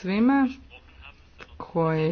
svima koji